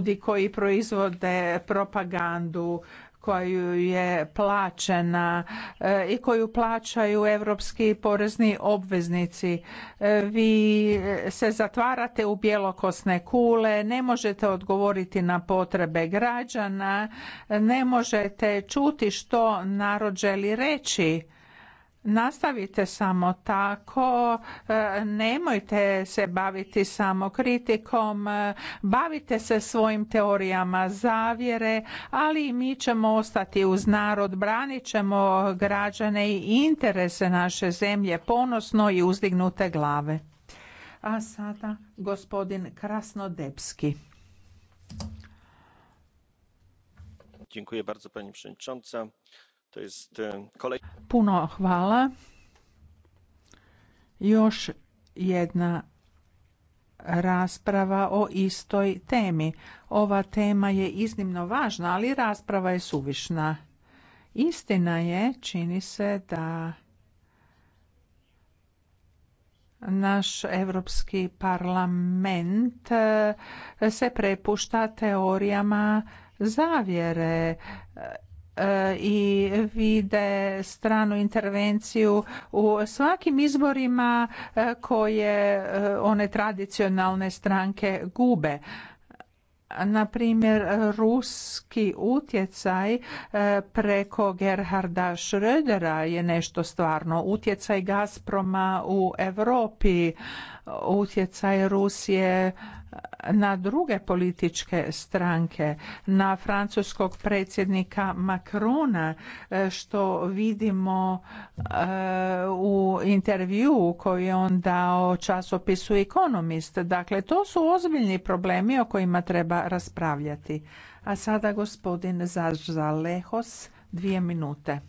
ljudi koji proizvode propagandu koju je plaćena eh, i koju plaćaju europski porezni obveznici. Eh, vi se zatvarate u bjelokosne kule, ne možete odgovoriti na potrebe građana, ne možete čuti što narod želi reći Nastavite samo tako, e, nemojte se baviti samo kritikom, e, bavite se svojim teorijama zavjere, ali mi ćemo ostati uz narod, branit ćemo građane i interese naše zemlje ponosno i uzdignute glave. A sada gospodin Krasnodebski. Dziękuję bardzo pani przewodnicząca. E, Puno hvala. Još jedna rasprava o istoj temi. Ova tema je iznimno važna, ali rasprava je suvišna. Istina je, čini se da naš Europski parlament e, se prepušta teorijama zavjere E, i vide stranu intervenciju u svakim izborima e, koje e, one tradicionalne stranke gube na primjer ruski utjecaj preko Gerharda Schrödera je nešto stvarno utjecaj Gazproma u Europi utjecaj Rusije na druge političke stranke, na francuskog predsjednika Macrona, e, što vidimo e, u intervju koji je on dao časopisu Economist. Dakle, to su ozbiljni problemi o kojima treba raspravljati. A sada gospodin Zalehos, dvije minute.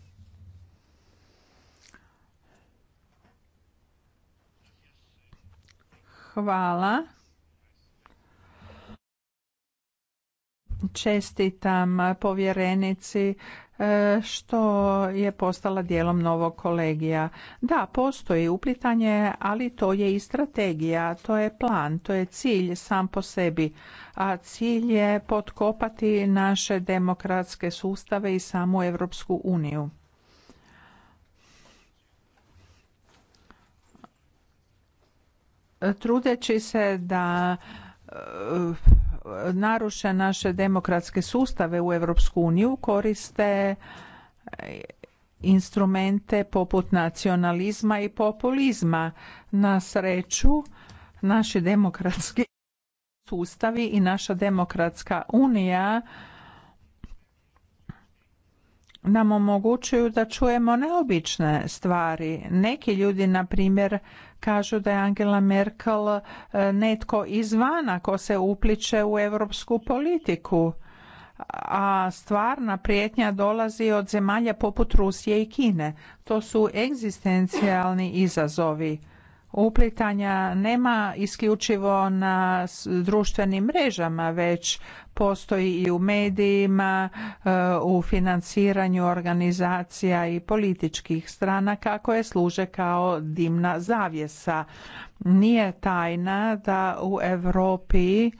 Hvala. čestitam povjerenici e, što je postala dijelom novog kolegija. Da, postoji uplitanje, ali to je i strategija, to je plan, to je cilj sam po sebi. A cilj je potkopati naše demokratske sustave i samu Europsku uniju. Trudeći se da e, naruše naše demokratske sustave u Europsku uniju koriste e, instrumente poput nacionalizma i populizma. Na sreću naši demokratski sustavi i naša demokratska unija nam omogućuju da čujemo neobične stvari. Neki ljudi, na primjer, kažu da je Angela Merkel e, netko izvana ko se upliče u europsku politiku, a stvarna prijetnja dolazi od zemalja poput Rusije i Kine. To su egzistencijalni izazovi uplitanja nema isključivo na društvenim mrežama već postoji i u medijima e, u financiranju organizacija i političkih stranaka koje služe kao dimna zavjesa nije tajna da u Europi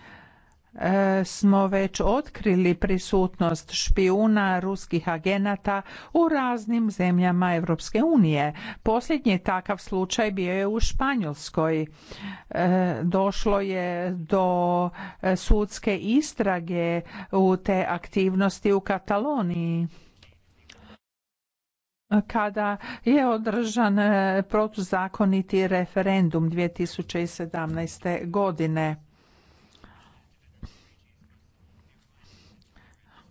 smo već otkrili prisutnost špijuna ruskih agenata u raznim zemljama Europske unije. Posljednji takav slučaj bio je u Španjolskoj. E, došlo je do e, sudske istrage u te aktivnosti u Kataloniji kada je održan e, protuzakoniti referendum 2017. godine.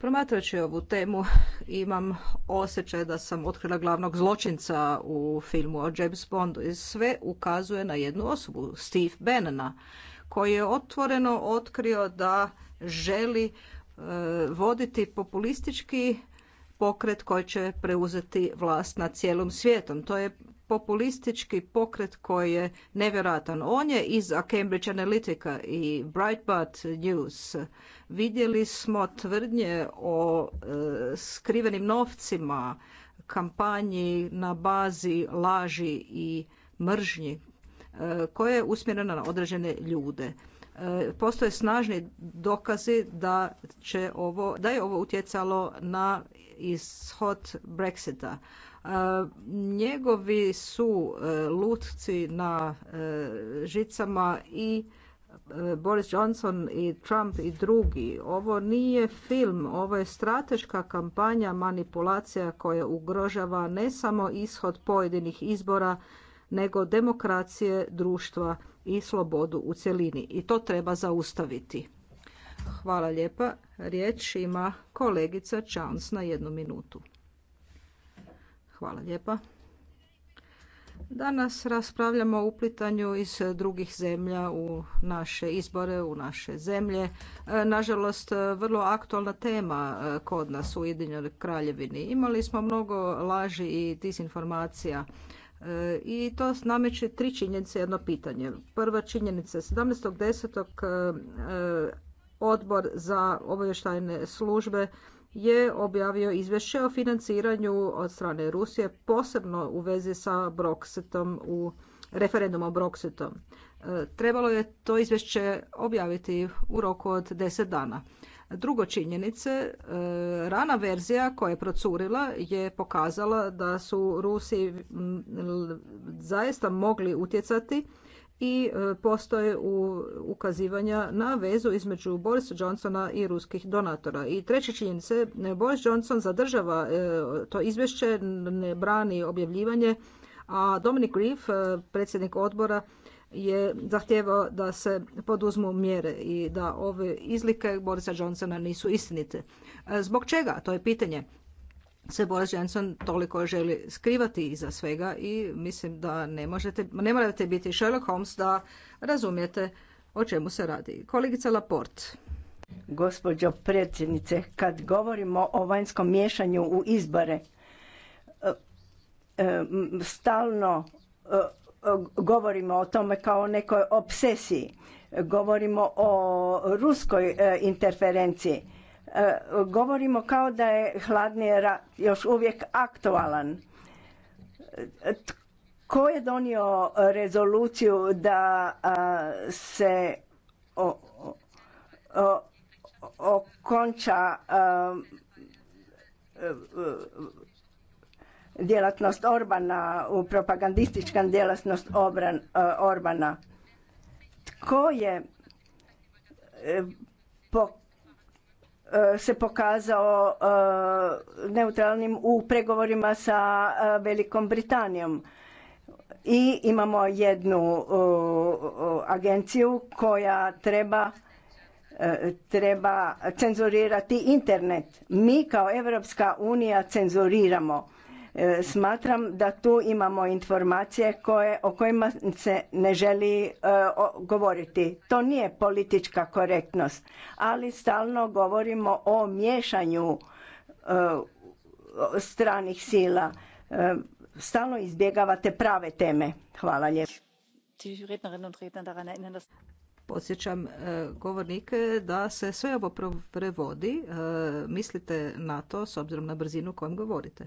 Promatrajući ovu temu imam osjećaj da sam otkrila glavnog zločinca u filmu o James Bondu i sve ukazuje na jednu osobu, Steve Bannona, koji je otvoreno otkrio da želi e, voditi populistički pokret koji će preuzeti vlast nad cijelom svijetom. To je populistički pokret koji je nevjerojatan. On je iz Cambridge Analytica i Breitbart News. Vidjeli smo tvrdnje o e, skrivenim novcima, kampanji na bazi laži i mržnji e, koje je usmjerena na određene ljude. E, postoje snažni dokazi da, će ovo, da je ovo utjecalo na ishod Brexita. Njegovi su e, lutci na e, žicama i e, Boris Johnson i Trump i drugi. Ovo nije film, ovo je strateška kampanja manipulacija koja ugrožava ne samo ishod pojedinih izbora, nego demokracije, društva i slobodu u cjelini. I to treba zaustaviti. Hvala lijepa. Riječ ima kolegica Čans na jednu minutu. Hvala lijepa. Danas raspravljamo o uplitanju iz drugih zemlja u naše izbore, u naše zemlje. E, nažalost, vrlo aktualna tema e, kod nas u Ujedinjenoj Kraljevini. Imali smo mnogo laži i disinformacija e, i to nameće tri činjenice jedno pitanje. Prva činjenica, 17.10. odbor za obavještajne službe je objavio izvješće o financiranju od strane Rusije, posebno u vezi sa Brexitom u referendum o Brexitu. E, trebalo je to izvješće objaviti u roku od 10 dana. Drugo činjenice, e, rana verzija koja je procurila je pokazala da su Rusi zaista mogli utjecati i e, postoje u ukazivanja na vezu između Borisa Johnsona i ruskih donatora. I treći činjenice, e, Boris Johnson zadržava e, to izvješće, ne brani objavljivanje, a Dominic Grief, predsjednik odbora, je zahtjevao da se poduzmu mjere i da ove izlike Borisa Johnsona nisu istinite. Zbog čega? To je pitanje se Boris Johnson toliko želi skrivati iza svega i mislim da ne možete, ne morate biti Sherlock Holmes da razumijete o čemu se radi. Kolegica Laporte. Gospođo predsjednice, kad govorimo o vanjskom miješanju u izbore, e, e, stalno e, govorimo o tome kao o nekoj obsesiji. Govorimo o ruskoj interferenciji Govorimo kao da je hladni rat još uvijek aktualan. Tko je donio rezoluciju da se okonča djelatnost Orbana, u propagandistička djelatnost Orbana. Tko je e, se pokazao e, neutralnim u pregovorima sa e, Velikom Britanijom. I imamo jednu e, agenciju koja treba treba cenzurirati internet. Mi kao Europska unija cenzuriramo E, smatram da tu imamo informacije koje, o kojima se ne želi e, govoriti. To nije politička korektnost, ali stalno govorimo o miješanju e, stranih sila. Stalno izbjegavate prave teme. Hvala lijepo. Podsjećam govornike da se sve ovo prevodi. Mislite na to s obzirom na brzinu kojom govorite.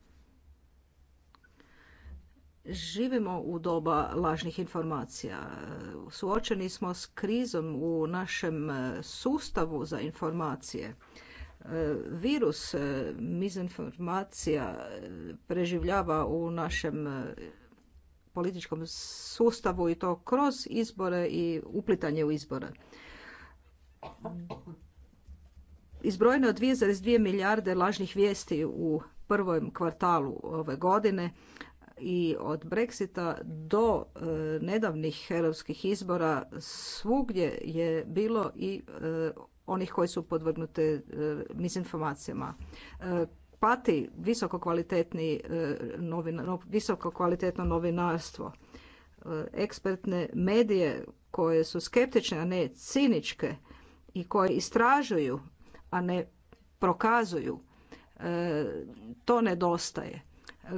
živimo u doba lažnih informacija. Suočeni smo s krizom u našem e, sustavu za informacije. E, virus e, mizinformacija preživljava u našem političkom sustavu i to kroz izbore i uplitanje u izbore. Izbrojeno je 2,2 milijarde lažnih vijesti u prvom kvartalu ove godine, i od Brexita do e, nedavnih europskih izbora svugdje je bilo i e, onih koji su podvrgnute e, mizinformacijama. Pati visoko, visoko kvalitetno novinarstvo, ekspertne medije koje su skeptične, a ne ciničke i koje istražuju, a ne prokazuju. To nedostaje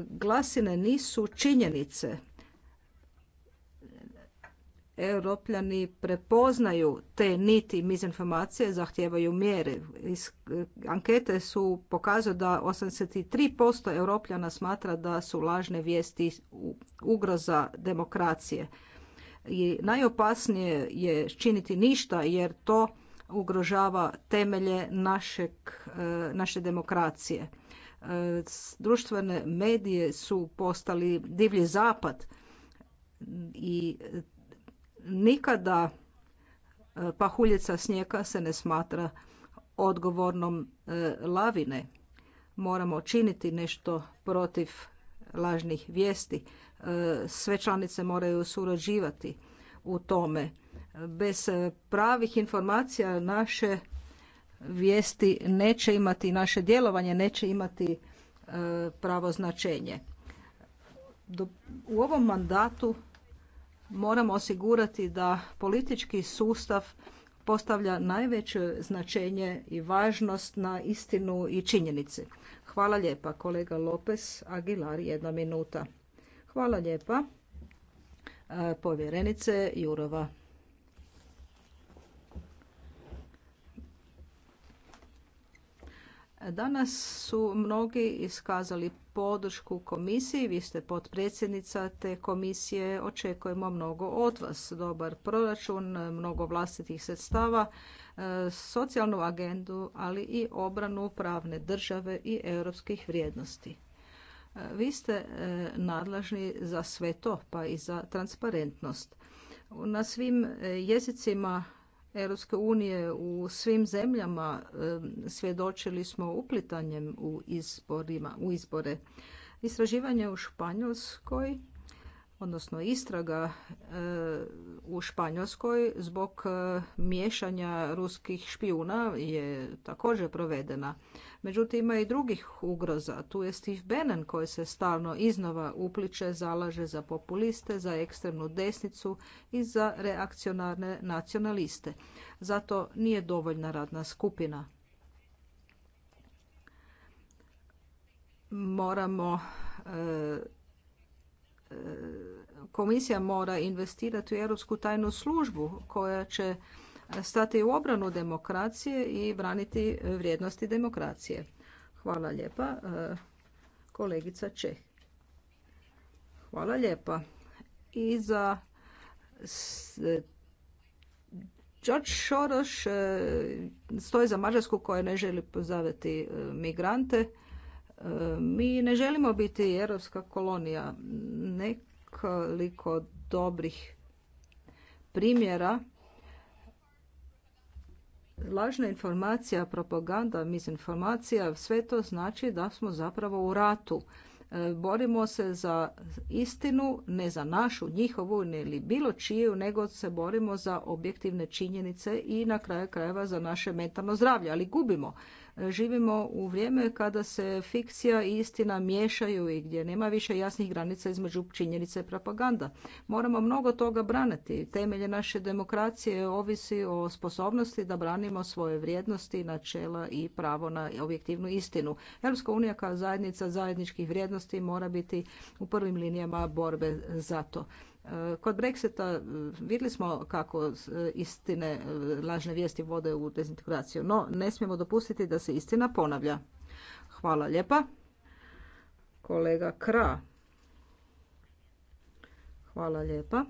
glasine nisu činjenice. Europljani prepoznaju te niti mizinformacije, zahtijevaju mjere. Eh, ankete su pokazuju da 83% Europljana smatra da su lažne vijesti ugroza demokracije. I najopasnije je činiti ništa jer to ugrožava temelje eh, naše demokracije društvene medije su postali divlji zapad i nikada e, pahuljica snijeka se ne smatra odgovornom e, lavine. Moramo činiti nešto protiv lažnih vijesti. E, sve članice moraju surađivati u tome. Bez pravih informacija naše vijesti neće imati, naše djelovanje neće imati e, pravo značenje. U ovom mandatu moramo osigurati da politički sustav postavlja najveće značenje i važnost na istinu i činjenice. Hvala lijepa, kolega Lopez Aguilar, jedna minuta. Hvala lijepa, e, povjerenice Jurova. Danas su mnogi iskazali podršku komisiji, vi ste potpredsjednica te komisije, očekujemo mnogo od vas, dobar proračun, mnogo vlastitih sredstava, e, socijalnu agendu, ali i obranu pravne države i europskih vrijednosti. E, vi ste e, nadležni za sve to, pa i za transparentnost. Na svim jezicima Europske unije u svim zemljama svjedočili smo uplitanjem u, izborima, u izbore. Istraživanje u Španjolskoj odnosno istraga e, u Španjolskoj zbog e, miješanja ruskih špijuna je također provedena. Međutim, ima i drugih ugroza. Tu je Steve Bannon koji se stalno iznova upliče, zalaže za populiste, za ekstremnu desnicu i za reakcionarne nacionaliste. Zato nije dovoljna radna skupina. Moramo e, e komisija mora investirati u Europsku tajnu službu koja će stati u obranu demokracije i braniti vrijednosti demokracije. Hvala lijepa. E, kolegica Čeh. Hvala lijepa. I za e, George Soros e, stoji za Mađarsku koja ne želi pozaveti migrante. Mi ne želimo biti europska kolonija. Ne nekoliko dobrih primjera. Lažna informacija, propaganda, misinformacija, sve to znači da smo zapravo u ratu. E, borimo se za istinu, ne za našu, njihovu ili bilo čiju, nego se borimo za objektivne činjenice i na kraju krajeva za naše mentalno zdravlje, ali gubimo Živimo u vrijeme kada se fikcija i istina miješaju i gdje nema više jasnih granica između činjenice i propaganda. Moramo mnogo toga braniti. Temelje naše demokracije ovisi o sposobnosti da branimo svoje vrijednosti, načela i pravo na objektivnu istinu. Europska unija kao zajednica zajedničkih vrijednosti mora biti u prvim linijama borbe za to. Kod Brexita e, vidjeli smo kako e, istine, e, lažne vijesti vode u dezintegraciju, no ne smijemo dopustiti da se istina ponavlja. Hvala lijepa. Kolega Kra. Hvala lijepa.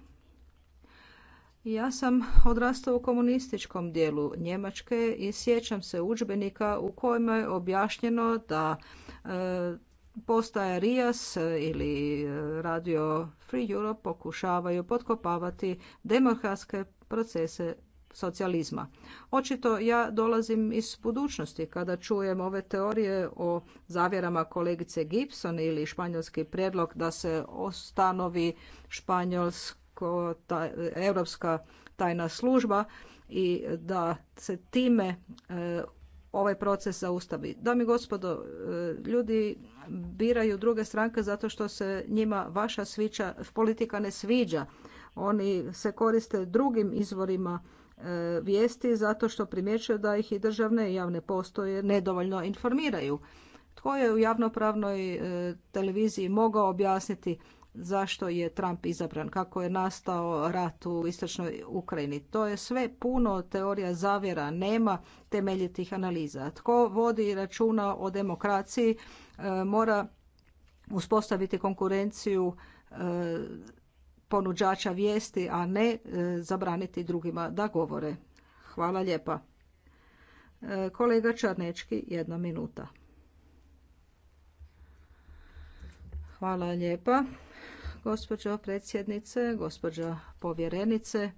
Ja sam odrastao u komunističkom dijelu Njemačke i sjećam se udžbenika u kojima je objašnjeno da postaje RIAS ili e, Radio Free Europe pokušavaju potkopavati demokratske procese socijalizma. Očito ja dolazim iz budućnosti kada čujem ove teorije o zavjerama kolegice Gibson ili španjolski prijedlog da se ostanovi španjolsko ta, europska tajna služba i da se time e, ovaj proces zaustavi. Dame i gospodo, e, ljudi biraju druge stranke zato što se njima vaša svića, politika ne sviđa. Oni se koriste drugim izvorima e, vijesti zato što primjećuju da ih i državne i javne postoje nedovoljno informiraju. Tko je u javnopravnoj e, televiziji mogao objasniti zašto je Trump izabran, kako je nastao rat u istočnoj Ukrajini. To je sve puno teorija zavjera, nema temeljitih analiza. Tko vodi računa o demokraciji e, mora uspostaviti konkurenciju e, ponuđača vijesti, a ne e, zabraniti drugima da govore. Hvala lijepa. Kolega Čarnečki, jedna minuta. Hvala lijepa gospođo predsjednice, gospođo povjerenice.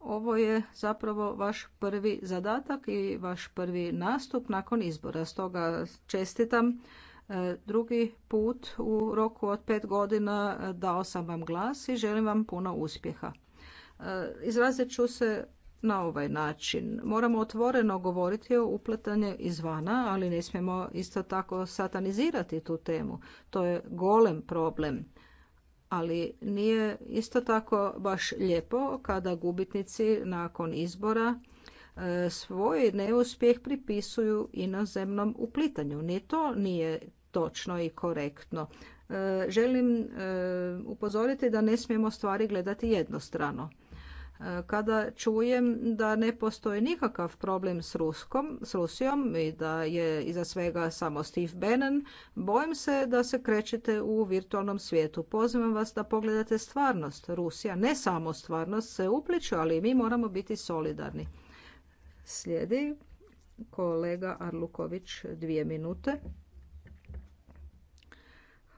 Ovo je zapravo vaš prvi zadatak i vaš prvi nastup nakon izbora. Stoga čestitam e, drugi put u roku od pet godina e, dao sam vam glas i želim vam puno uspjeha. E, izrazit ću se na ovaj način. Moramo otvoreno govoriti o upletanju izvana, ali ne smijemo isto tako satanizirati tu temu. To je golem problem ali nije isto tako baš lijepo kada gubitnici nakon izbora e, svoj neuspjeh pripisuju inozemnom uplitanju. Ni to nije točno i korektno. E, želim e, upozoriti da ne smijemo stvari gledati jednostrano kada čujem da ne postoji nikakav problem s, Ruskom, s Rusijom i da je iza svega samo Steve Bannon, bojim se da se krećete u virtualnom svijetu. Pozivam vas da pogledate stvarnost. Rusija, ne samo stvarnost, se upliče, ali i mi moramo biti solidarni. Slijedi kolega Arluković dvije minute.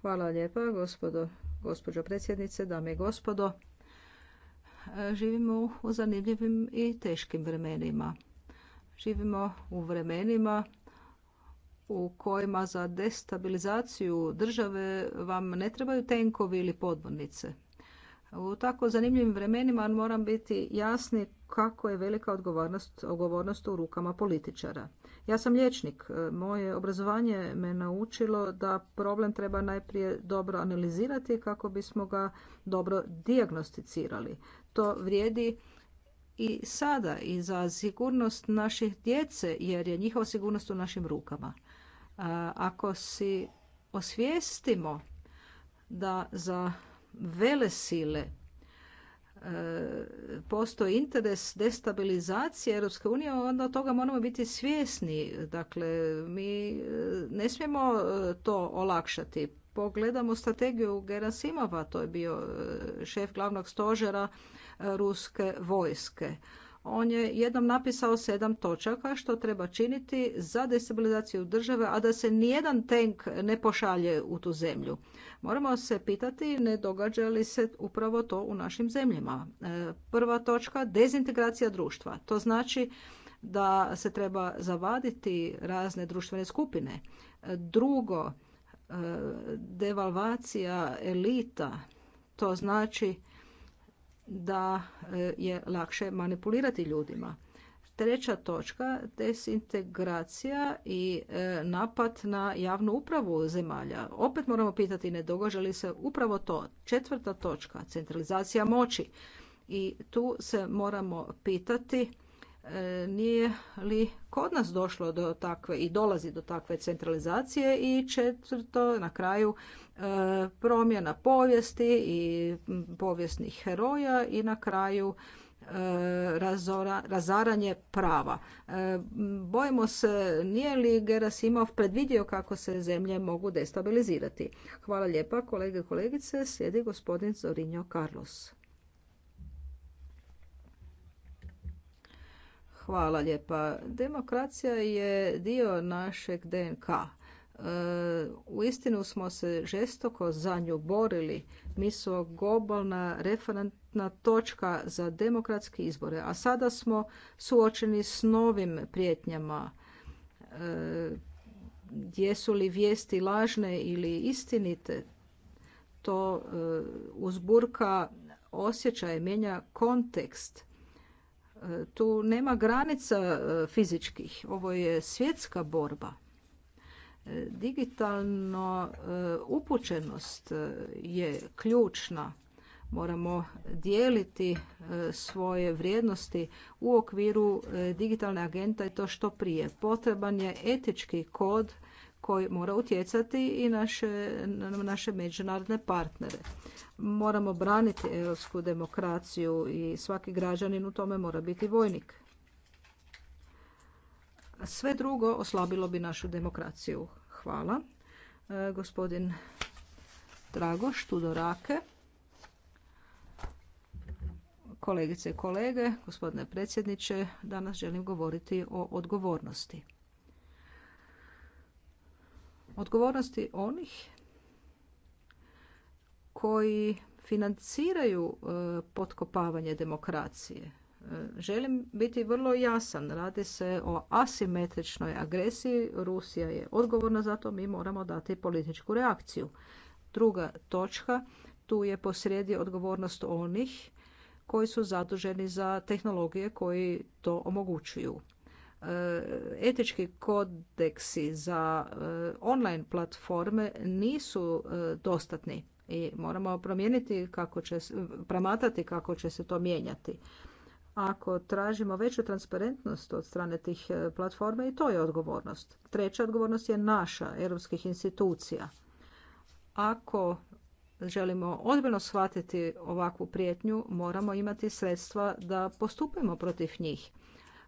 Hvala lijepa, gospodo, gospođo predsjednice, dame i gospodo. E, živimo u zanimljivim i teškim vremenima. Živimo u vremenima u kojima za destabilizaciju države vam ne trebaju tenkovi ili podmornice. U tako zanimljivim vremenima moram biti jasni kako je velika odgovornost, u rukama političara. Ja sam liječnik. E, moje obrazovanje me naučilo da problem treba najprije dobro analizirati kako bismo ga dobro dijagnosticirali to vrijedi i sada i za sigurnost naših djece jer je njihova sigurnost u našim rukama. Ako si osvijestimo da za vele sile e, postoji interes destabilizacije Europske unije, onda toga moramo biti svjesni. Dakle, mi e, ne smijemo e, to olakšati. Pogledamo strategiju Gerasimova, to je bio šef glavnog stožera ruske vojske. On je jednom napisao sedam točaka što treba činiti za destabilizaciju države, a da se nijedan tank ne pošalje u tu zemlju. Moramo se pitati ne događa li se upravo to u našim zemljama. E, prva točka, dezintegracija društva. To znači da se treba zavaditi razne društvene skupine. Drugo, e, devalvacija elita. To znači da e, je lakše manipulirati ljudima. Treća točka, desintegracija i e, napad na javnu upravu zemalja. Opet moramo pitati ne događa li se upravo to. Četvrta točka, centralizacija moći. I tu se moramo pitati E, nije li kod nas došlo do takve i dolazi do takve centralizacije i četvrto na kraju e, promjena povijesti i povijesnih heroja i na kraju e, razaranje prava. Bojimo se, nije li Gerasimov predvidio kako se zemlje mogu destabilizirati? Hvala lijepa, kolege i kolegice. Sjedi gospodin Zorinjo Carlos. Hvala lijepa. Demokracija je dio našeg DNK. E, u istinu smo se žestoko za nju borili. Mi smo globalna referentna točka za demokratske izbore, a sada smo suočeni s novim prijetnjama. E, jesu li vijesti lažne ili istinite? To e, uzburka osjećaje mijenja kontekst tu nema granica e, fizičkih. Ovo je svjetska borba. E, digitalno e, upućenost je ključna. Moramo dijeliti svoje vrijednosti u okviru digitalne agenta i to što prije. Potreban je etički kod koji mora utjecati i naše, naše međunarodne partnere. Moramo braniti europsku demokraciju i svaki građanin u tome mora biti vojnik. Sve drugo oslabilo bi našu demokraciju. Hvala. E, gospodin Dragoš Tudorake. Kolegice i kolege, gospodine predsjedniče, danas želim govoriti o odgovornosti odgovornosti onih koji financiraju e, potkopavanje demokracije. E, želim biti vrlo jasan, radi se o asimetričnoj agresiji, Rusija je odgovorna za to, mi moramo dati političku reakciju. Druga točka, tu je posrijedi odgovornost onih koji su zaduženi za tehnologije koji to omogućuju. E, etički kodeksi za e, online platforme nisu e, dostatni i moramo promijeniti kako će, promatrati kako će se to mijenjati. Ako tražimo veću transparentnost od strane tih platforma i to je odgovornost. Treća odgovornost je naša, europskih institucija. Ako želimo ozbiljno shvatiti ovakvu prijetnju, moramo imati sredstva da postupimo protiv njih.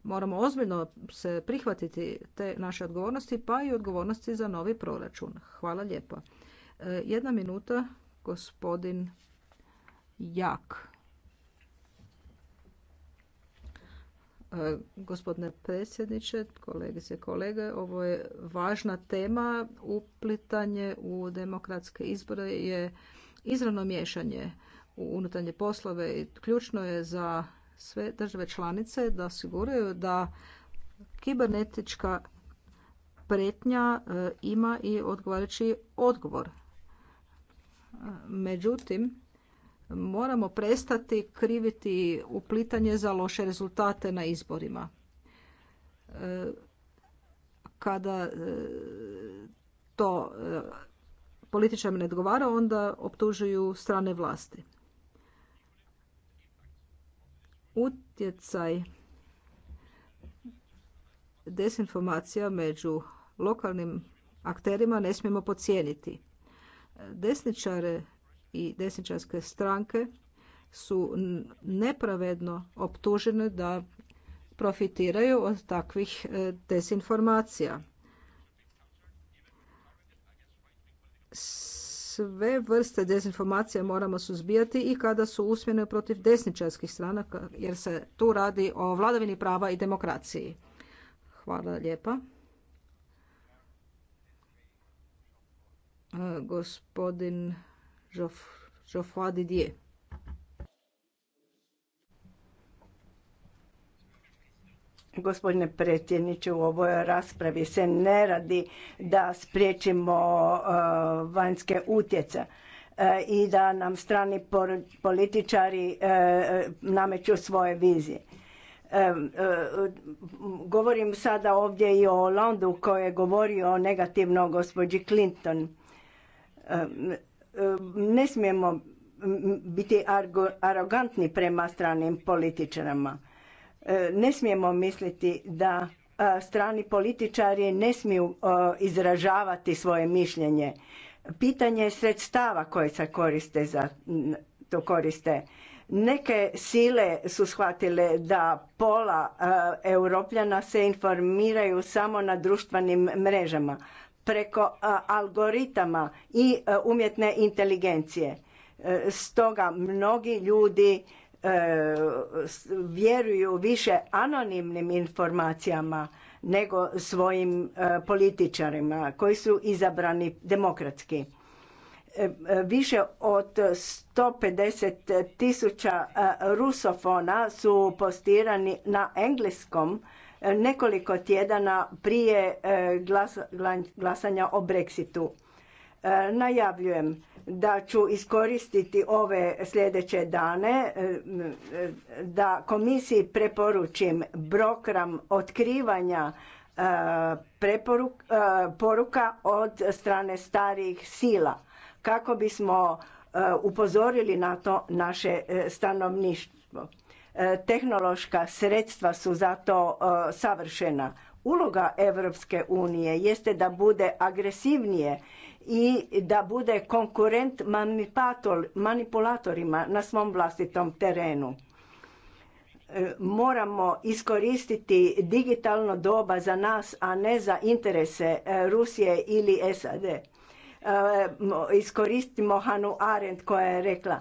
Moramo ozbiljno se prihvatiti te naše odgovornosti, pa i odgovornosti za novi proračun. Hvala lijepo. E, jedna minuta, gospodin Jak. E, gospodine predsjedniče, kolegice i kolege, ovo je važna tema. Uplitanje u demokratske izbore je izravno miješanje u unutarnje poslove i ključno je za sve države članice da osiguraju da kibernetička pretnja e, ima i odgovarajući odgovor. Međutim, moramo prestati kriviti uplitanje za loše rezultate na izborima. E, kada e, to političarima ne odgovara, onda optužuju strane vlasti utjecaj desinformacija među lokalnim akterima ne smijemo podcijeniti. Desničare i desničarske stranke su nepravedno optužene da profitiraju od takvih e, desinformacija sve vrste dezinformacija moramo suzbijati i kada su usmjene protiv desničarskih stranaka jer se tu radi o vladavini prava i demokraciji. Hvala lijepa. E, gospodin Geoffroy Didier. Gospodine predsjedniče, u ovoj raspravi se ne radi da spriječimo e, vanjske utjecaje e, i da nam strani političari e, nameću svoje vizije. Govorim sada ovdje i o Landu koji je govorio negativno o gospođi Clinton. Ne smijemo biti arogantni prema stranim političarima E, ne smijemo misliti da e, strani političari ne smiju e, izražavati svoje mišljenje. Pitanje sredstava koje se koriste za to koriste. Neke sile su shvatile da pola europljana se informiraju samo na društvenim mrežama preko algoritama i umjetne inteligencije. Stoga mnogi ljudi vjeruju više anonimnim informacijama nego svojim e, političarima koji su izabrani demokratski. E, e, više od 150 tisuća rusofona su postirani na engleskom nekoliko tjedana prije glasanja o Brexitu. Najavljujem da ću iskoristiti ove sljedeće dane e, da komisiji preporučim program otkrivanja e, e, poruka od strane starijih sila kako bismo upozorili na to naše stanovništvo. Tehnološka sredstva su zato savršena. Uloga Europske unije jeste da bude agresivnije i da bude konkurent manipulatorima na svom vlastitom terenu. E, moramo iskoristiti digitalno doba za nas, a ne za interese e, Rusije ili SAD. E, iskoristimo Hanu Arendt koja je rekla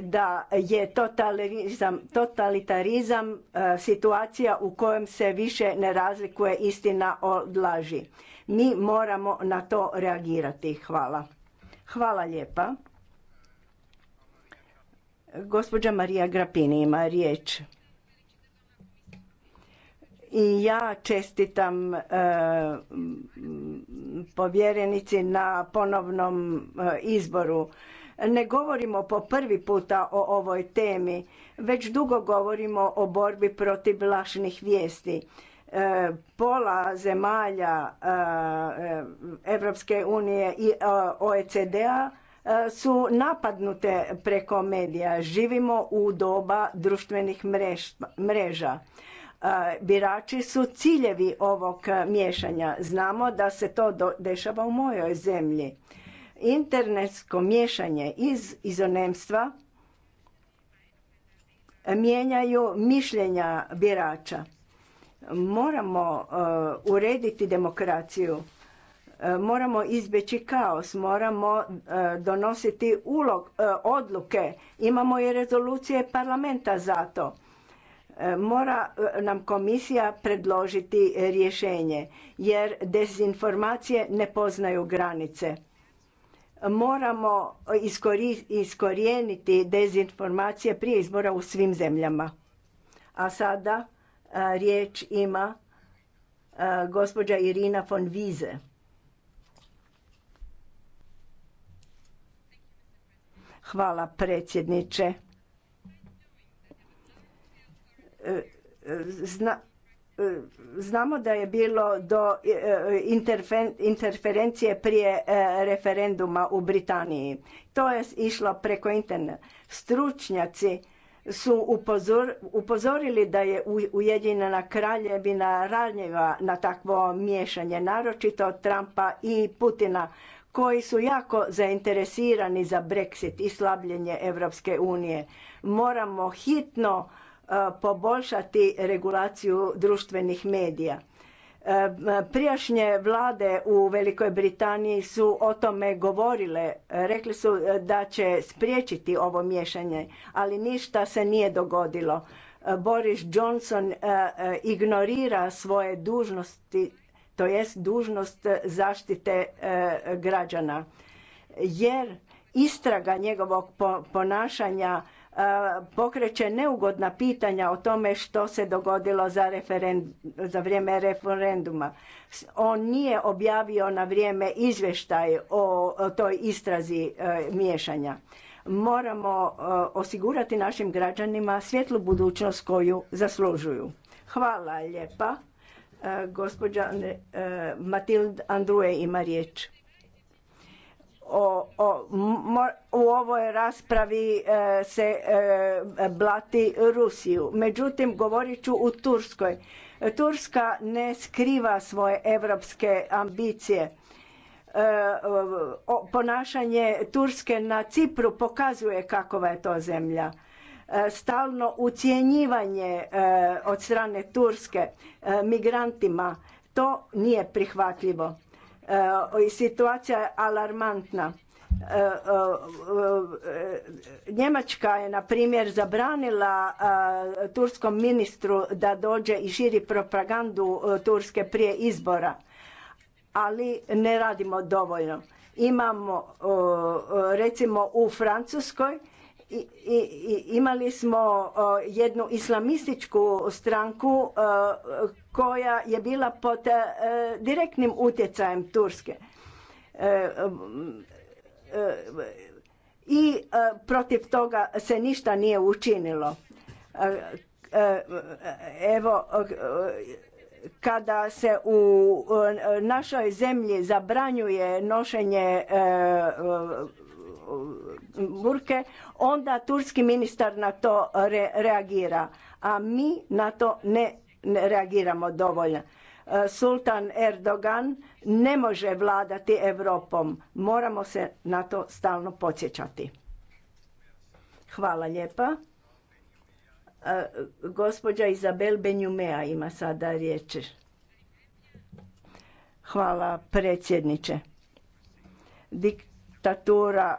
da je totalitarizam, totalitarizam situacija u kojem se više ne razlikuje istina od laži mi moramo na to reagirati. Hvala. Hvala lijepa. Gospođa Marija Grapini ima riječ. I ja čestitam e, povjerenici na ponovnom e, izboru. Ne govorimo po prvi puta o ovoj temi, već dugo govorimo o borbi protiv lašnih vijesti. E, pola zemalja e, e, Evropske unije i OECD-a su napadnute preko medija. Živimo u doba društvenih mreža. Birači su ciljevi ovog miješanja. Znamo da se to dešava u mojoj zemlji. Internetsko miješanje iz izonemstva mijenjaju mišljenja birača Moramo e, urediti demokraciju, e, moramo izbjeći kaos, moramo e, donositi ulog, odluke, imamo i rezolucije parlamenta za to. Mora nam komisija predložiti rješenje jer dezinformacije ne poznaju granice moramo iskorijeniti dezinformacije prije izbora u svim zemljama. A sada Riječ ima gospođa Irina von Wiese. Hvala predsjedniče. E, e, znamo da je bilo do e, interferencije prije referenduma u Britaniji. To je išlo preko interneta. Stručnjaci su upozorili da je Ujedinjena kraljevina ranjiva na takvo miješanje, naročito Trumpa i Putina, koji su jako zainteresirani za Brexit i slabljenje Europske unije. Moramo hitno eh, poboljšati regulaciju društvenih medija Prijašnje vlade u Velikoj Britaniji su o tome govorile. Rekli su e, da će spriječiti ovo miješanje, ali ništa se nije dogodilo. E, Boris Johnson e, ignorira svoje dužnosti, to jest dužnost zaštite građana. Jer istraga njegovog ponašanja pokreće neugodna pitanja o tome što se dogodilo za, za vrijeme referenduma. On nije objavio na vrijeme izvještaj o toj istrazi e, miješanja. Moramo e, osigurati našim građanima svjetlu budućnost koju zaslužuju. Hvala lijepa. E, gospođa Matilde Andruje ima riječ u ovoj raspravi e, se e, blati Rusiju. Međutim, govorit ću u Turskoj. Turska ne skriva svoje evropske ambicije. E, ponašanje Turske na Cipru pokazuje kakova je to zemlja. Stalno ucjenjivanje od strane Turske migrantima, to nije prihvatljivo E, situacija je alarmantna. E, e, Njemačka je, na primjer, zabranila turskom ministru da dođe i širi propagandu Turske prije izbora. Ali ne radimo dovoljno. Imamo, recimo, u Francuskoj i, imali smo jednu islamističku stranku koja je bila pod e, direktnim utjecajem Turske. E, e, I protiv toga se ništa nije učinilo. Evo, kada se u našoj zemlji zabranjuje nošenje burke, onda turski ministar na to reagira, a mi na to ne, ne reagiramo dovoljno. E, Sultan Erdogan ne može vladati Europom. Moramo se na to stalno podsjećati. Hvala lijepa. E, gospođa Izabel Benjumea ima sada riječ. Hvala predsjedniče. Diktatura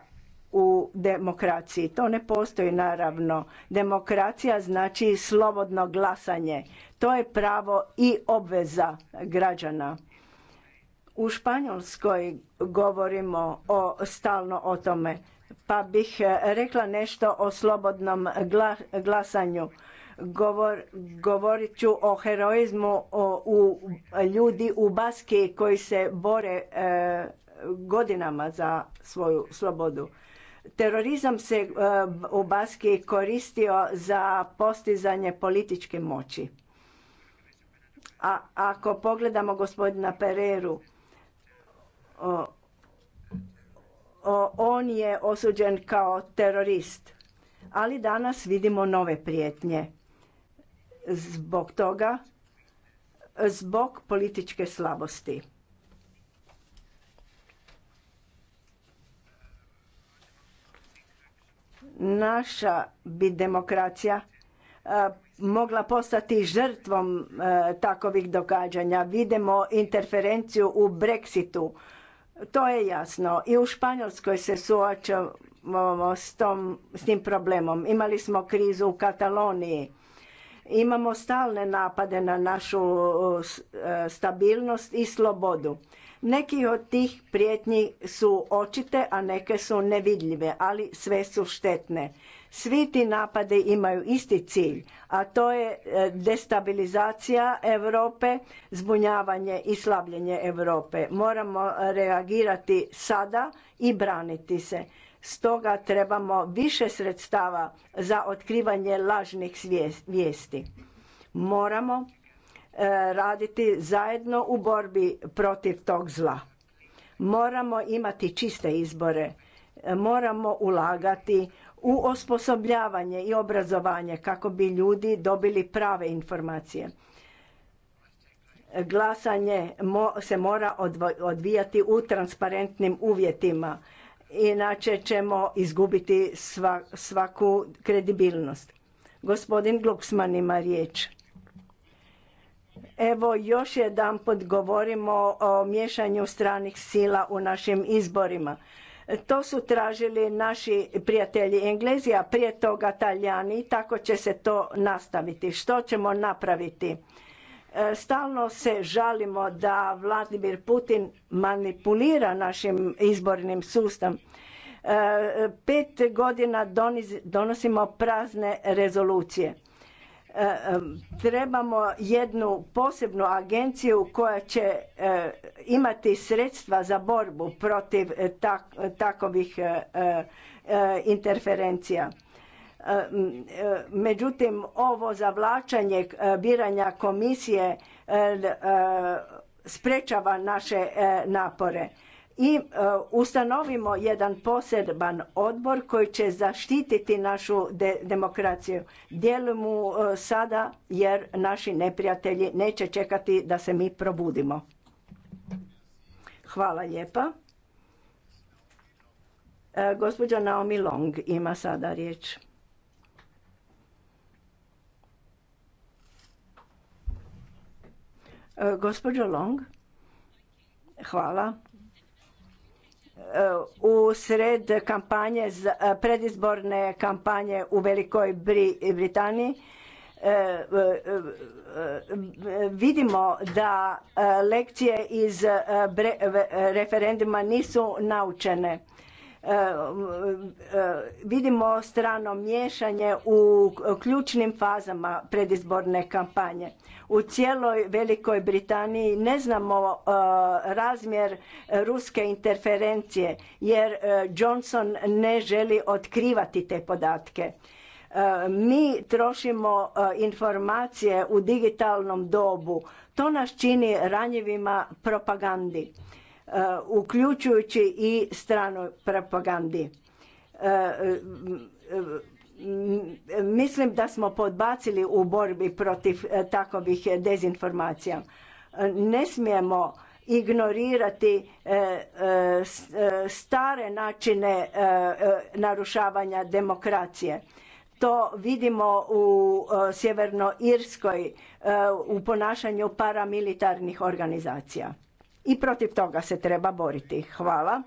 u demokraciji. To ne postoji naravno. Demokracija znači slobodno glasanje. To je pravo i obveza građana. U Španjolskoj govorimo o, stalno o tome, pa bih e, rekla nešto o slobodnom glasanju. Govor, govorit ću o heroizmu u ljudi u Baski koji se bore e, godinama za svoju slobodu. Terorizam se e, u Baski koristio za postizanje političke moći. A ako pogledamo gospodina Pereru, on je osuđen kao terorist. Ali danas vidimo nove prijetnje. Zbog toga, zbog političke slabosti. naša bi demokracija e, mogla postati žrtvom e, takovih događanja. Vidimo interferenciju u Brexitu. To je jasno. I u Španjolskoj se suočavamo s, tom, s tim problemom. Imali smo krizu u Kataloniji. Imamo stalne napade na našu e, stabilnost i slobodu. Neki od tih prijetnji su očite, a neke su nevidljive, ali sve su štetne. Svi ti napade imaju isti cilj, a to je e, destabilizacija Europe, zbunjavanje i slabljenje Europe. Moramo reagirati sada i braniti se. Stoga trebamo više sredstava za otkrivanje lažnih vijesti. Moramo E, raditi zajedno u borbi protiv tog zla. Moramo imati čiste izbore, e, moramo ulagati u osposobljavanje i obrazovanje kako bi ljudi dobili prave informacije. Glasanje se mora odvijati u transparentnim uvjetima, inače ćemo izgubiti svaku kredibilnost. Gospodin Glucksmann ima riječ. Evo još jedan put govorimo o miješanju stranih sila u našim izborima. To su tražili naši prijatelji Englezi, a prije toga Talijani. Tako će se to nastaviti. Što ćemo napraviti? E, stalno se žalimo da Vladimir Putin manipulira našim izbornim sustavom. E, pet godina donosimo prazne rezolucije E, trebamo jednu posebnu agenciju koja će e, imati sredstva za borbu protiv e, takovih interferencija. Međutim, ovo zavlačanje biranja komisije sprečava naše napore i e, ustanovimo jedan poseban odbor koji će zaštititi našu de demokraciju. mu e, sada jer naši neprijatelji neće čekati da se mi probudimo. Hvala lijepa. E, gospođa Naomi Long ima sada riječ. gospođo Long, hvala u sred kampanje, e, predizborne kampanje u Velikoj Britaniji e, e, vidimo da lekcije iz referenduma nisu naučene Ehm, ehm, vidimo strano miješanje u ključnim fazama predizborne kampanje. U cijeloj Velikoj Britaniji ne znamo ehm, razmjer ruske interferencije jer Johnson ne želi otkrivati te podatke. Mi trošimo informacije u digitalnom dobu. To nas čini ranjivima propagandi Uh, uključujući i stranu propagandi. Uh, uh, mislim da smo podbacili u borbi protiv takovih dezinformacija. Ne smijemo ignorirati stare načine narušavanja demokracije. To vidimo u Sjevernoirskoj u ponašanju paramilitarnih organizacija i protiv toga se treba boriti. Hvala.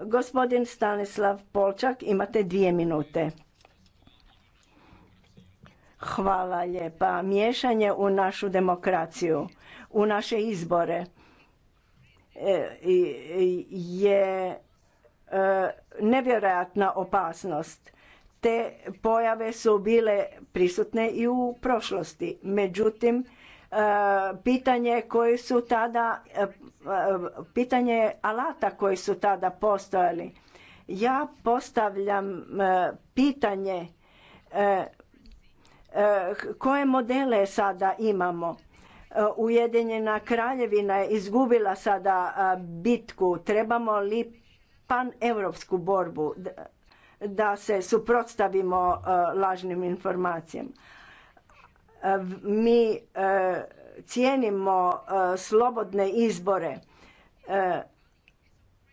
Gospodin Stanislav Polčak, imate dvije minute. Hvala lijepa. Miješanje u našu demokraciju, u naše izbore e, je e, nevjerojatna opasnost. Te pojave su bile prisutne i u prošlosti. Međutim, E, pitanje koji su tada e, e, pitanje alata koji su tada postojali ja postavljam pitanje koje modele sada imamo ujedinjena kraljevina je izgubila sada bitku trebamo li paneuropsku borbu da se suprotstavimo lažnim informacijama mi e, cijenimo e, slobodne izbore, e,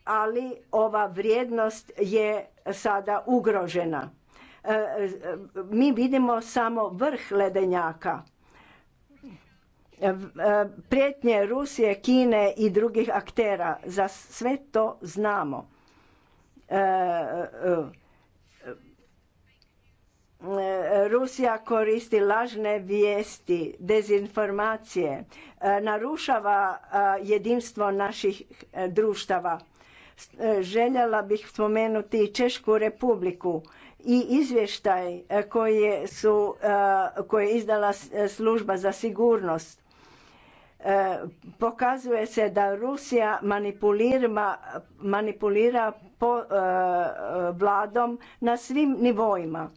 ali ova vrijednost je sada ugrožena. Mi vidimo samo vrh ledenjaka. Prijetnje Rusije, Kine i drugih aktera, za sve to znamo. Rusija koristi lažne vijesti, dezinformacije, e, narušava e, jedinstvo naših e, društava. Željela bih spomenuti Češku republiku i izvještaj koji koje je izdala služba za sigurnost. Pokazuje se da Rusija manipulira, manipulira vladom na svim nivoima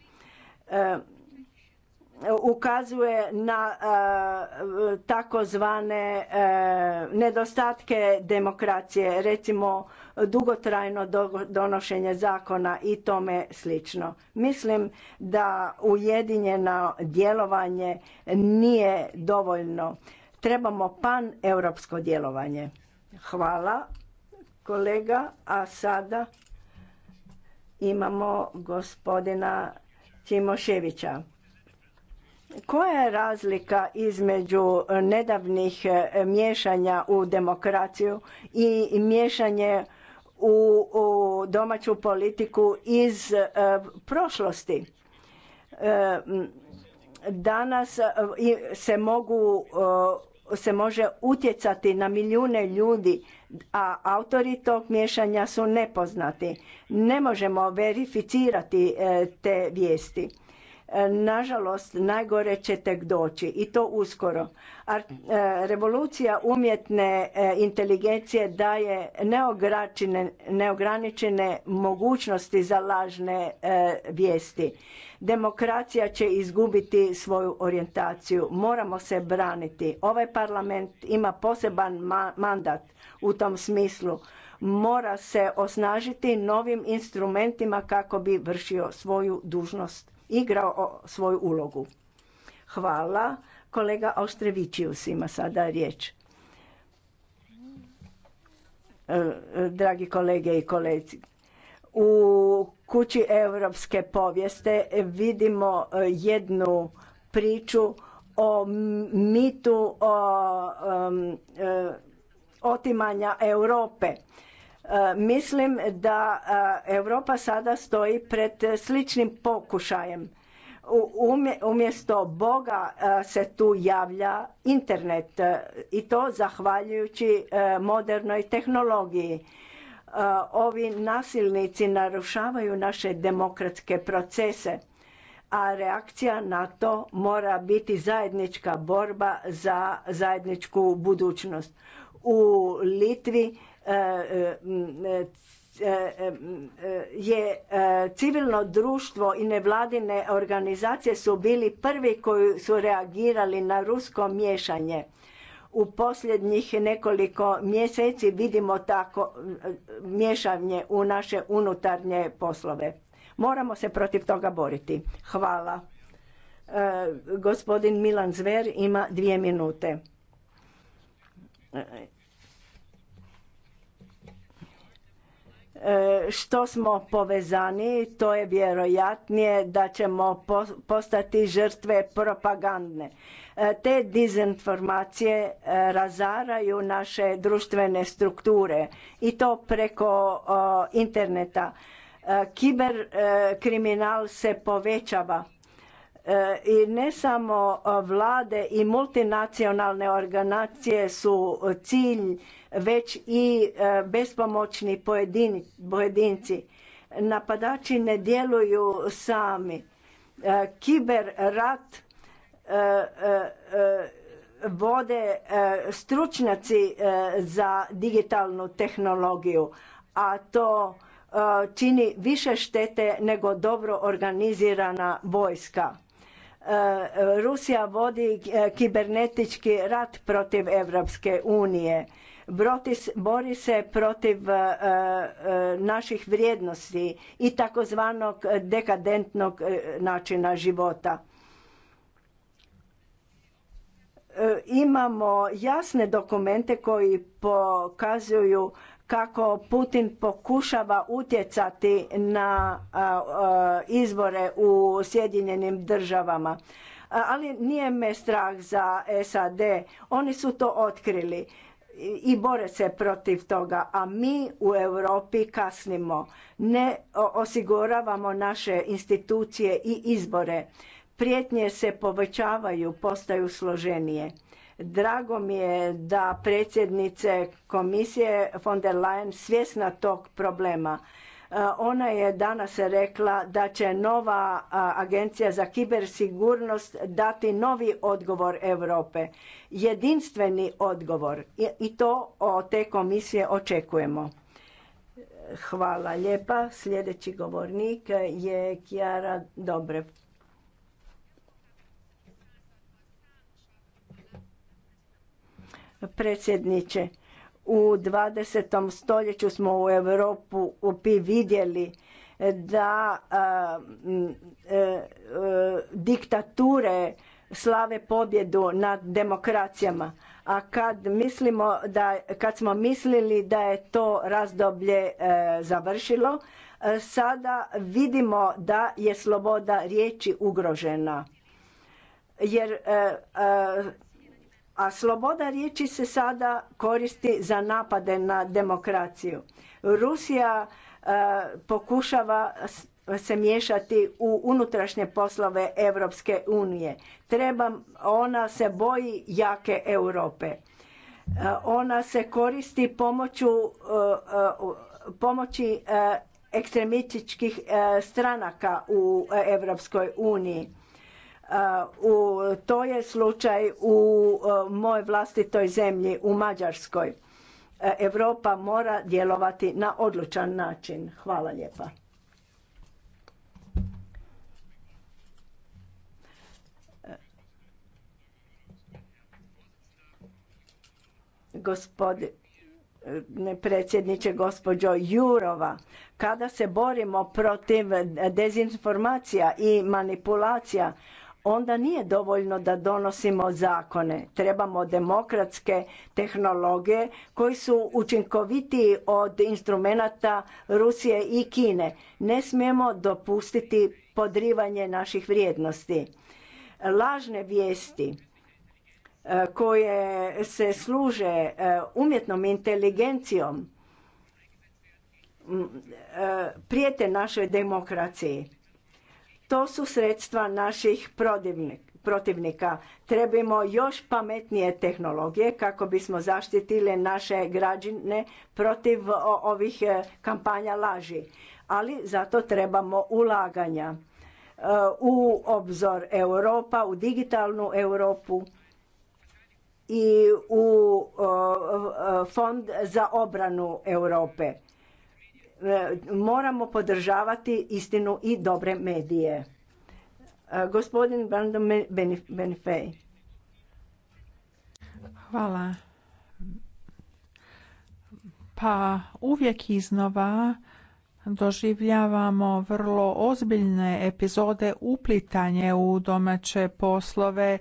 E, ukazuje na e, takozvane e, nedostatke demokracije, recimo dugotrajno donošenje zakona i tome slično. Mislim da ujedinjeno djelovanje nije dovoljno. Trebamo pan-europsko djelovanje. Hvala kolega, a sada imamo gospodina Timoševića. Koja je razlika između nedavnih e, miješanja u demokraciju i miješanje u, domaću politiku iz e, prošlosti? E, danas se mogu se može utjecati na milijune ljudi a autori tog miješanja su nepoznati. Ne možemo verificirati e, te vijesti. Nažalost, najgore će tek doći i to uskoro. E, revolucija umjetne e, inteligencije daje neograničene mogućnosti za lažne e, vijesti. Demokracija će izgubiti svoju orijentaciju. Moramo se braniti. Ovaj parlament ima poseban mandat u tom smislu mora se osnažiti novim instrumentima kako bi vršio svoju dužnost igrao svoju ulogu. Hvala. Kolega Austrevićius ima sada riječ. E, e, dragi kolege i kolegi, u kući europske povijeste vidimo e, jednu priču o mitu o, otimanja Europe E, mislim da e, Europa sada stoji pred sličnim pokušajem. Umjesto Boga e, se tu javlja internet i to zahvaljujući modernoj tehnologiji. Ovi nasilnici narušavaju naše demokratske procese, a reakcija na to mora biti zajednička borba za zajedničku budućnost. U Litvi E, e, e, je civilno društvo i nevladine organizacije su bili prvi koji su reagirali na rusko miješanje. U posljednjih nekoliko mjeseci vidimo tako miješanje u naše unutarnje poslove. Moramo se protiv toga boriti. Hvala. Gospodin Milan Zver ima dvije minute. E, što smo povezani, to je vjerojatnije da ćemo postati žrtve propagandne. E, te dizinformacije e, razaraju naše društvene strukture i to preko interneta. Kiber kriminal se povećava i ne samo vlade i multinacionalne organizacije su cilj već i e, bespomoćni pojedinci. Napadači ne djeluju sami. E, kiber rat e, vode stručnjaci za digitalnu tehnologiju, a to čini više štete nego dobro organizirana vojska. Rusija vodi kibernetički rat protiv Evropske unije bori se protiv e, e, naših vrijednosti i takozvanog dekadentnog e, načina života. Imamo jasne dokumente koji pokazuju kako Putin pokušava utjecati na izbore u Sjedinjenim državama ali nije me strah za SAD. Oni su to otkrili i bore se protiv toga, a mi u Europi kasnimo. Ne osiguravamo naše institucije i izbore. Prijetnje se povećavaju, postaju složenije. Drago mi je da predsjednice komisije von der Leyen svjesna tog problema E, ona je danas rekla da će nova agencija za kibersigurnost dati novi odgovor Europe. Jedinstveni odgovor i to od te komisije očekujemo. Hvala lijepa. Sljedeći govornik je Kiara Dobre. Predsjedniče, u 20. stoljeću smo u Europu vidjeli da e, e, diktature slave pobjedu nad demokracijama. A kad mislimo da, kad smo mislili da je to razdoblje e, završilo, sada vidimo da je sloboda riječi ugrožena. Jer a sloboda riječi se sada koristi za napade na demokraciju. Rusija e, pokušava se miješati u unutrašnje poslove Europske unije. Treba, ona se boji jake Europe. E, ona se koristi pomoću e, pomoći ekstremističkih stranaka u Europskoj uniji u, to je slučaj u e, mojoj vlastitoj zemlji, u Mađarskoj. E, Europa mora djelovati na odlučan način. Hvala lijepa. Gospodine predsjedniče, gospođo Jurova, kada se borimo protiv dezinformacija i manipulacija, onda nije dovoljno da donosimo zakone. Trebamo demokratske tehnologije koji su učinkovitiji od instrumenata Rusije i Kine. Ne smijemo dopustiti podrivanje naših vrijednosti. Lažne vijesti e, koje se služe e, umjetnom inteligencijom e, prijete našoj demokraciji to su sredstva naših protivnika. Trebamo još pametnije tehnologije kako bismo zaštitili naše građane protiv e, ovih e, kampanja laži. Ali zato trebamo ulaganja e, u obzor Europa, u digitalnu Europu i u fond za obranu Europe E, moramo podržavati istinu i dobre medije. E, gospodin Brandon Benifej. Hvala. Pa uvijek iznova doživljavamo vrlo ozbiljne epizode uplitanje u domaće poslove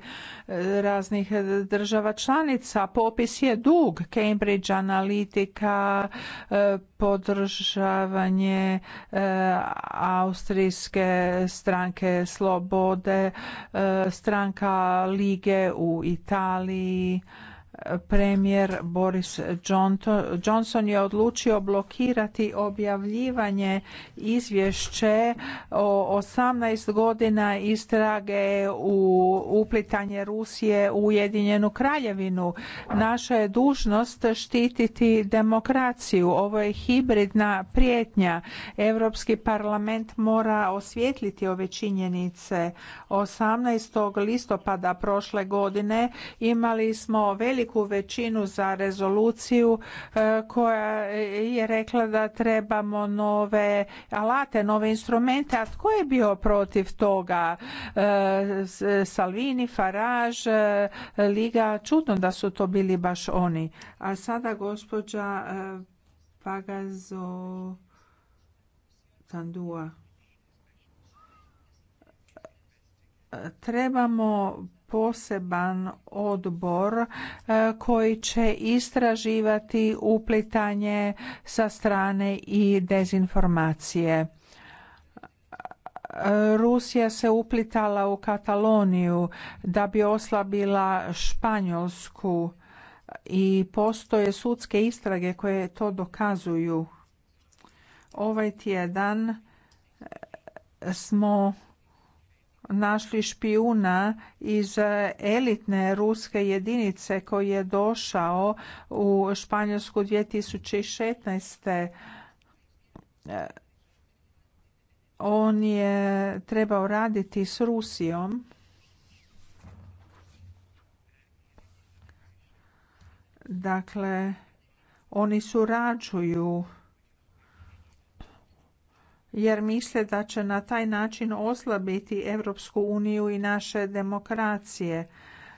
e, raznih država članica. Popis je dug, Cambridge analitika, e, podržavanje e, austrijske stranke slobode, stranka Lige u Italiji, premijer Boris Johnson je odlučio blokirati objavljivanje izvješće o 18 godina istrage u uplitanje Rusije u Ujedinjenu kraljevinu. Naša je dužnost štititi demokraciju. Ovo je hibridna prijetnja. Europski parlament mora osvijetliti ove činjenice. 18. listopada prošle godine imali smo veliku veliku većinu za rezoluciju e, koja je rekla da trebamo nove alate, nove instrumente, a tko je bio protiv toga? E, Salvini, Farage, e, Liga, čudno da su to bili baš oni. A sada gospođa Pagazo Tandua. Trebamo poseban odbor e, koji će istraživati uplitanje sa strane i dezinformacije. Rusija se uplitala u Kataloniju da bi oslabila Španjolsku i postoje sudske istrage koje to dokazuju. Ovaj tjedan smo našli špijuna iz e, elitne ruske jedinice koji je došao u Španjolsku 2016. E, on je trebao raditi s Rusijom. Dakle, oni surađuju jer misle da će na taj način oslabiti Europsku uniju i naše demokracije.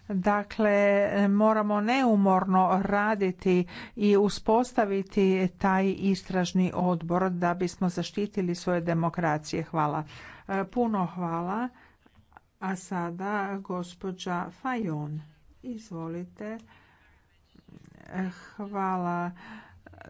Dakle, moramo neumorno raditi i uspostaviti taj istražni odbor da bismo zaštitili svoje demokracije. Hvala. E, puno hvala. A sada gospođa Fajon. Izvolite. E, hvala.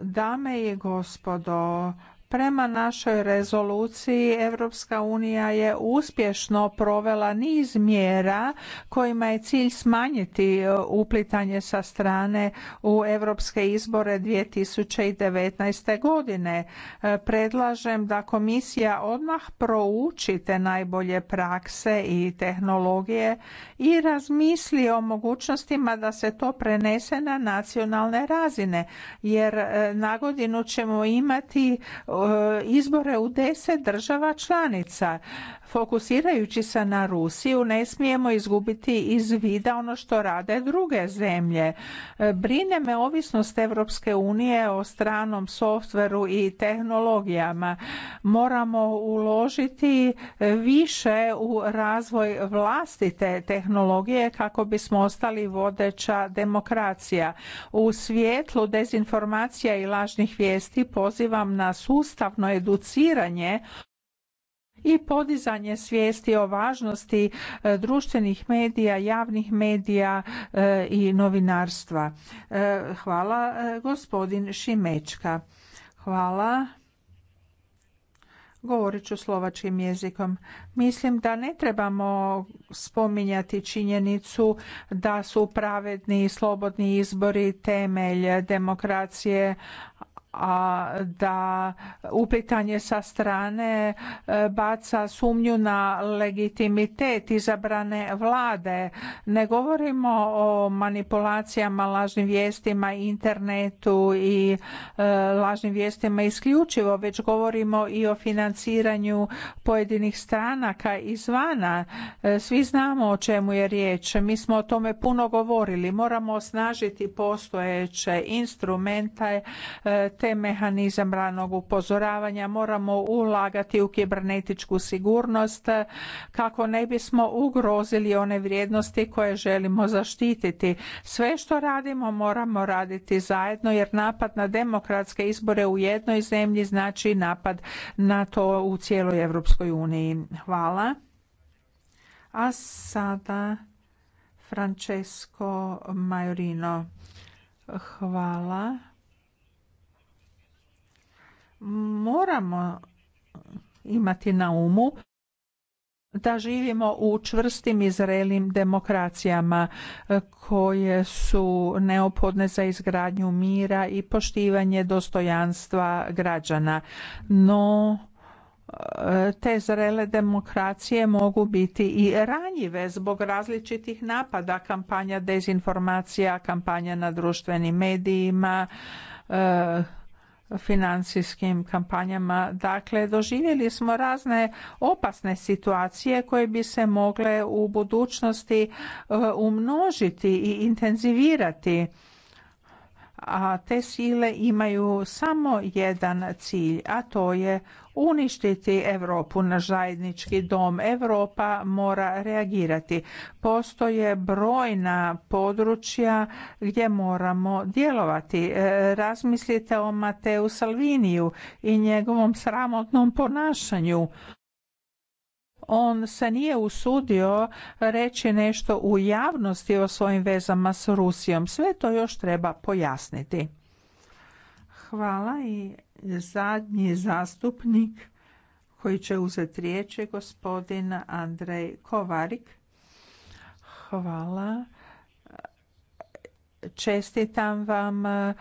Dame i gospodo, Prema našoj rezoluciji Europska unija je uspješno provela niz mjera kojima je cilj smanjiti e, uplitanje sa strane u europske izbore 2019. godine. E, predlažem da komisija odmah prouči te najbolje prakse i tehnologije i razmisli o mogućnostima da se to prenese na nacionalne razine jer e, na godinu ćemo imati izbore u deset država članica. Fokusirajući se na Rusiju ne smijemo izgubiti iz vida ono što rade druge zemlje. E, brine me ovisnost Europske unije o stranom softveru i tehnologijama. Moramo uložiti više u razvoj vlastite tehnologije kako bismo ostali vodeća demokracija. U svijetlu dezinformacija i lažnih vijesti pozivam na sustavno educiranje i podizanje svijesti o važnosti e, društvenih medija, javnih medija e, i novinarstva. E, hvala gospodin Šimečka. Hvala. Govorit ću slovačkim jezikom. Mislim da ne trebamo spominjati činjenicu da su pravedni i slobodni izbori temelj demokracije, a da upitanje sa strane e, baca sumnju na legitimitet izabrane vlade. Ne govorimo o manipulacijama, lažnim vijestima, internetu i e, lažnim vijestima isključivo, već govorimo i o financiranju pojedinih stranaka izvana. E, svi znamo o čemu je riječ. Mi smo o tome puno govorili. Moramo osnažiti postojeće instrumente te mehanizam ranog upozoravanja moramo ulagati u kibernetičku sigurnost kako ne bismo ugrozili one vrijednosti koje želimo zaštititi sve što radimo moramo raditi zajedno jer napad na demokratske izbore u jednoj zemlji znači napad na to u cijeloj Europskoj uniji hvala a sada Francesco Majorino hvala moramo imati na umu da živimo u čvrstim i zrelim demokracijama e, koje su neophodne za izgradnju mira i poštivanje dostojanstva građana. No, e, te zrele demokracije mogu biti i ranjive zbog različitih napada, kampanja dezinformacija, kampanja na društvenim medijima, e, financijskim kampanjama. Dakle, doživjeli smo razne opasne situacije koje bi se mogle u budućnosti e, umnožiti i intenzivirati a te sile imaju samo jedan cilj, a to je uništiti Europu na zajednički dom. Europa mora reagirati. Postoje brojna područja gdje moramo djelovati. E, razmislite o Mateu Salviniju i njegovom sramotnom ponašanju on se nije usudio reći nešto u javnosti o svojim vezama s Rusijom. Sve to još treba pojasniti. Hvala i zadnji zastupnik koji će uzeti riječ je gospodin Andrej Kovarik. Hvala. Čestitam vam, e,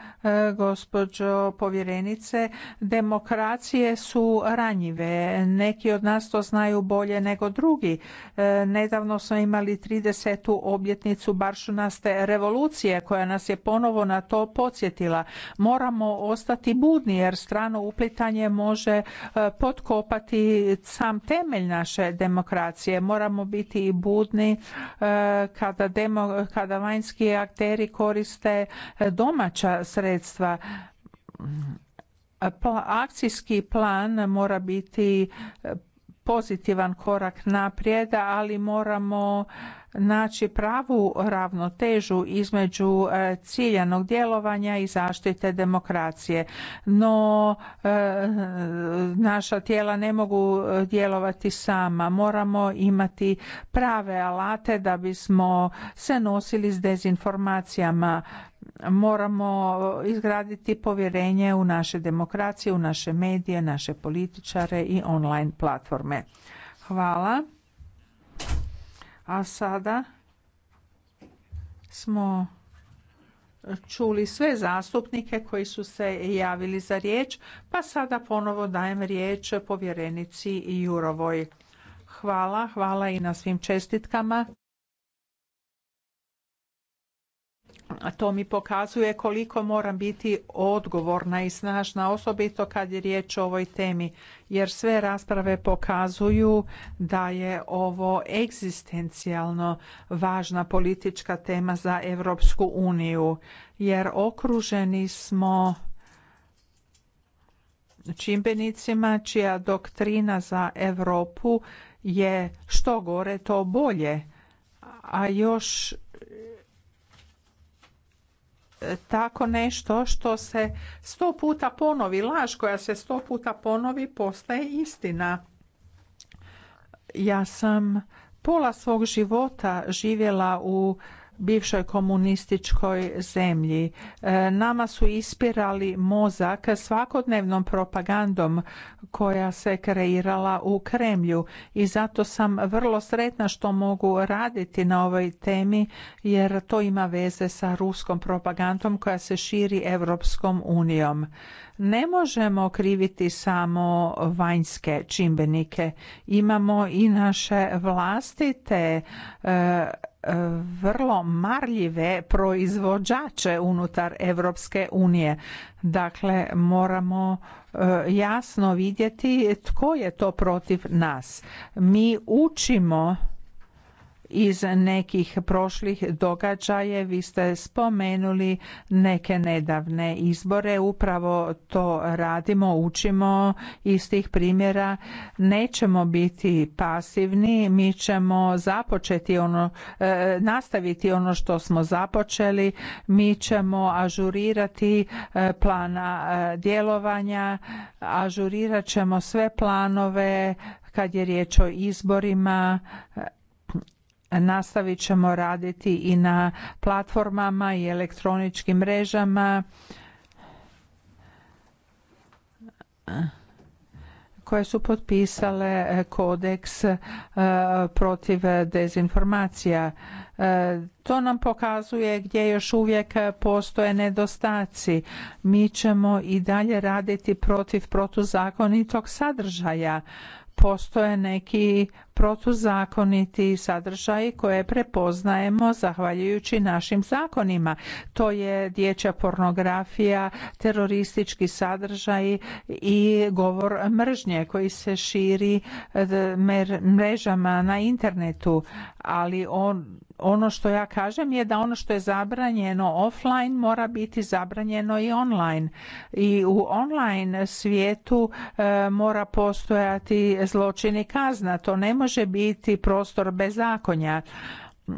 gospođo povjerenice. Demokracije su ranjive. Neki od nas to znaju bolje nego drugi. E, nedavno smo imali 30. objetnicu baršunaste revolucije koja nas je ponovo na to podsjetila. Moramo ostati budni jer strano uplitanje može e, potkopati sam temelj naše demokracije. Moramo biti i budni kada, kada vanjski akteri koji koriste e, domaća sredstva akcijski plan mora biti e, pozitivan korak naprijeda, ali moramo naći pravu ravnotežu između e, ciljanog djelovanja i zaštite demokracije. No e, naša tijela ne mogu e, djelovati sama. Moramo imati prave alate da bismo se nosili s dezinformacijama. Moramo izgraditi povjerenje u naše demokracije, u naše medije, naše političare i online platforme. Hvala. A sada smo čuli sve zastupnike koji su se javili za riječ, pa sada ponovo dajem riječ povjerenici Jurovoj. Hvala, hvala i na svim čestitkama. a to mi pokazuje koliko moram biti odgovorna i snažna, osobito kad je riječ o ovoj temi, jer sve rasprave pokazuju da je ovo egzistencijalno važna politička tema za Europsku uniju, jer okruženi smo čimbenicima čija doktrina za Europu je što gore to bolje, a još tako nešto što se sto puta ponovi, laž koja se sto puta ponovi postaje istina. Ja sam pola svog života živjela u bivšoj komunističkoj zemlji. E, nama su ispirali mozak svakodnevnom propagandom koja se kreirala u Kremlju i zato sam vrlo sretna što mogu raditi na ovoj temi jer to ima veze sa ruskom propagandom koja se širi Evropskom unijom. Ne možemo kriviti samo vanjske čimbenike. Imamo i naše vlastite e, vrlo marljive proizvođače unutar Europske unije. Dakle, moramo e, jasno vidjeti tko je to protiv nas. Mi učimo iz nekih prošlih događaje Vi ste spomenuli neke nedavne izbore. Upravo to radimo, učimo iz tih primjera. Nećemo biti pasivni, mi ćemo započeti ono, e, nastaviti ono što smo započeli. Mi ćemo ažurirati e, plana e, djelovanja, ažurirat ćemo sve planove kad je riječ o izborima nastavit ćemo raditi i na platformama i elektroničkim mrežama koje su potpisale eh, kodeks eh, protiv dezinformacija. Eh, to nam pokazuje gdje još uvijek postoje nedostaci. Mi ćemo i dalje raditi protiv protuzakonitog sadržaja. Postoje neki protuzakoniti sadržaji koje prepoznajemo zahvaljujući našim zakonima. To je dječja pornografija, teroristički sadržaj i govor mržnje koji se širi eh, mrežama na internetu, ali on ono što ja kažem je da ono što je zabranjeno offline mora biti zabranjeno i online. I u online svijetu eh, mora postojati zločini kazna. To ne može može biti prostor bez zakonja. E,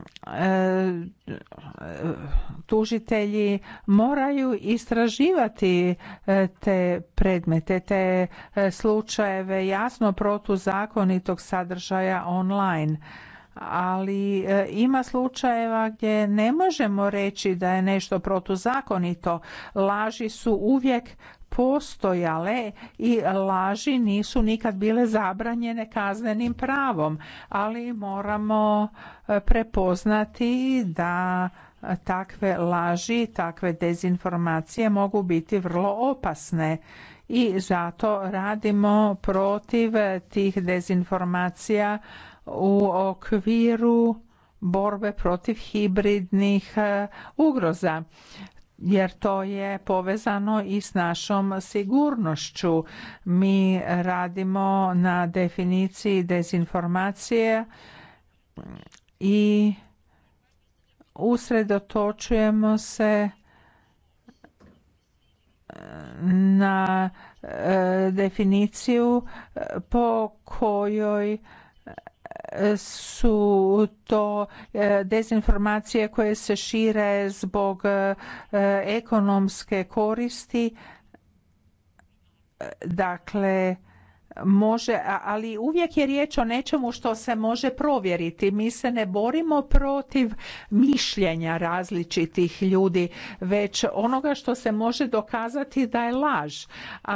tužitelji moraju istraživati e, te predmete, te e, slučajeve jasno protuzakonitog sadržaja online. Ali ima slučajeva gdje ne možemo reći da je nešto protuzakonito. Laži su uvijek postojale i laži nisu nikad bile zabranjene kaznenim pravom, ali moramo e, prepoznati da takve laži, takve dezinformacije mogu biti vrlo opasne i zato radimo protiv tih dezinformacija u okviru borbe protiv hibridnih e, ugroza jer to je povezano i s našom sigurnošću. Mi radimo na definiciji dezinformacije i usredotočujemo se na e, definiciju po kojoj su to e, dezinformacije koje se šire zbog e, ekonomske koristi. Dakle, može, ali uvijek je riječ o nečemu što se može provjeriti. Mi se ne borimo protiv mišljenja različitih ljudi, već onoga što se može dokazati da je laž. A